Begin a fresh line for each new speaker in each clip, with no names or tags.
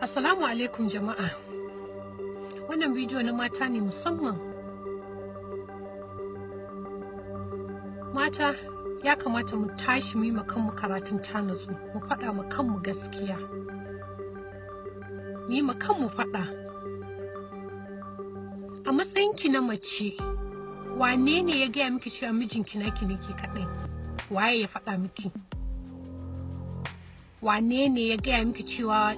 Assalamu alaikum jama'a. Wannan bidiyo na mata ne musamman. Mata ya kamata mu tashi mu yi kanmu karatun natsu mu faɗa ma kanmu gaskiya. Mu yi kanmu faɗa. A matsayinki na mace, wane ne ya gaya miki cewa mijinki naki ki nake kaɗai? Waye ya faɗa miki? Wane ne ya gaya miki cewa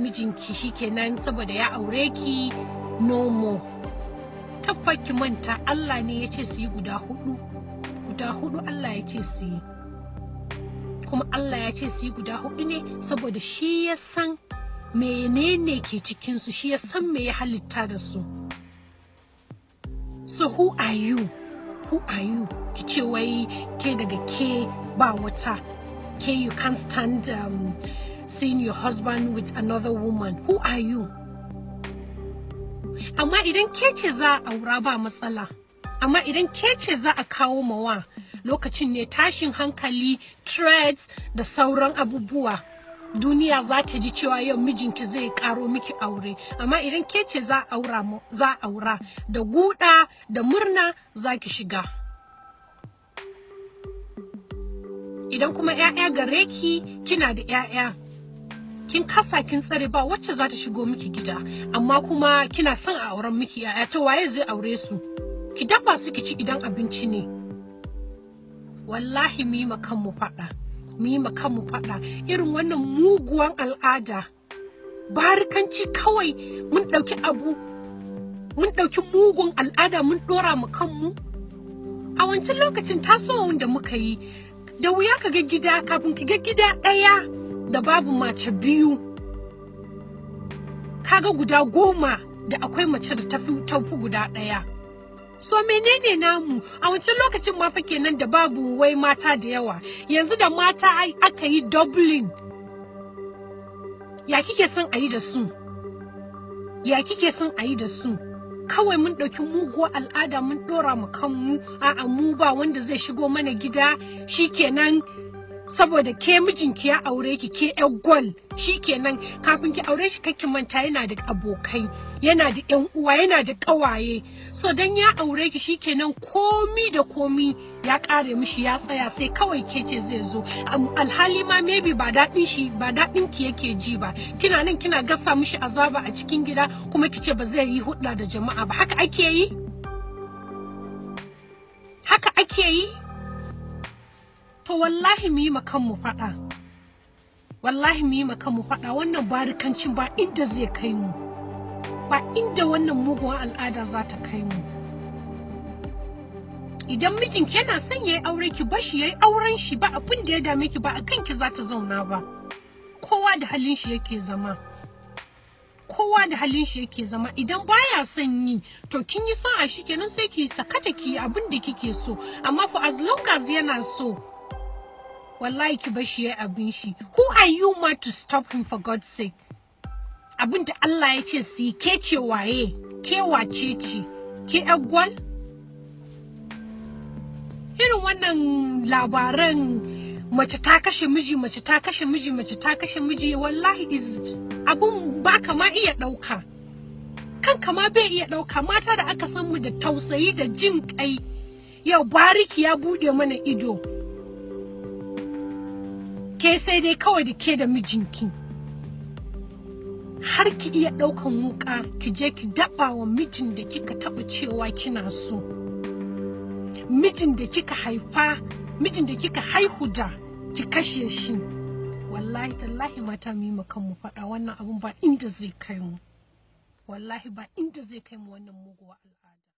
mijinki shikenan saboda ya aure ki nomo ki manta Allah ne ya ce su yi guda hudu guda hudu Allah ya ce su yi kuma Allah ya ce su yi guda hudu ne saboda shi ya san menene ke cikinsu shi ya san me ya halitta da su so who are you who are you ki ce wai ke daga ke ba wata ke you can't stand um, seeing your husband with another woman who are you amma idan ke ce za a aura ba matsala amma idan ke ce za a kawo mawa lokacin ne tashin hankali threats da sauran abubuwa duniya za ta ji cewa yau mijinki zai karo miki aure amma idan ke ce za aura za aura da guda da murna za ki shiga idan kuma 'ya'ya gare ki kina da 'ya'ya kin kasa kin tsare ba wacce za ta shigo miki gida amma kuma kina son a auren miki yaya ta waye zai aure su ki dafa su ki ci idan abinci ne wallahi mu yi kanmu faɗa mu yi irin wannan muguwan al'ada barkanci kawai mun ɗauki abu mun ɗauki mugun al'ada mun ɗora mu kanmu a wancan lokacin tasowa da muka yi da wuya ka ga gida kafin ka ga gida ɗaya da babu mace biyu kaga guda goma da akwai mace da tafi tafi guda ɗaya so menene namu a wancan lokacin ma fa kenan da babu wai mata da yawa yanzu da mata aka yi dublin ya kike son a yi da su ya kike son a yi da su kawai mun ɗauki mugu al'ada mun ɗora mu kanmu a'a mu ba wanda zai shigo mana gida shikenan saboda ke mijinki ya aure ki ke yan gwal kenan kafin ki aure shi ki manta yana da abokai yana da yan uwa yana da kawaye so dan ya aure ki shi shikenan komi da komi ya kare mishi ya tsaya sai kawai ke ce zai zo alhali ma maybe ba daɗin shi ba daɗin ki yake ji ba kina nan kina gasa mishi azaba a cikin gida kuma ki ce ba zai yi hudda da jama'a ba haka ake yi haka ake yi to wallahi mu yi kanmu faɗa wallahi mu yi kanmu faɗa wannan barikancin ba inda zai kai mu ba inda wannan muguwar al'ada za ta kai mu idan mijin yana son ya yi aure ki ba shi ya yi auren shi ba abin da ya dame ki ba a kanki za ta zauna ba kowa da halin shi yake zama kowa da halin shi yake zama idan baya son yi to kin yi a shi kenan sai ki sakata ki abin da kike so amma fa as long as yana so wallahi ki bar shi ya abin shi who are you ma to stop him for god's sake abin da Allah ya ce su yi ke ce waye ke wace ce ke agwal irin wannan labaran mace ta kashe miji mace ta kashe miji mace ta kashe miji wallahi is abun ba kama iya ɗauka kan kama bai iya ɗauka mata da aka san mu da tausayi da jin kai yau bariki ya buɗe mana ido ke sai dai kawai da ke da mijinki har ki iya ɗaukan wuka ki je ki daɓa wa mijin da kika taɓa cewa kina so mijin da kika haifa mijin da kika haihu da ki kashe shi wallahi tallahi mata mu yi mu faɗa wannan abun ba inda zai kai mu wallahi ba inda zai kai mu wannan muguwa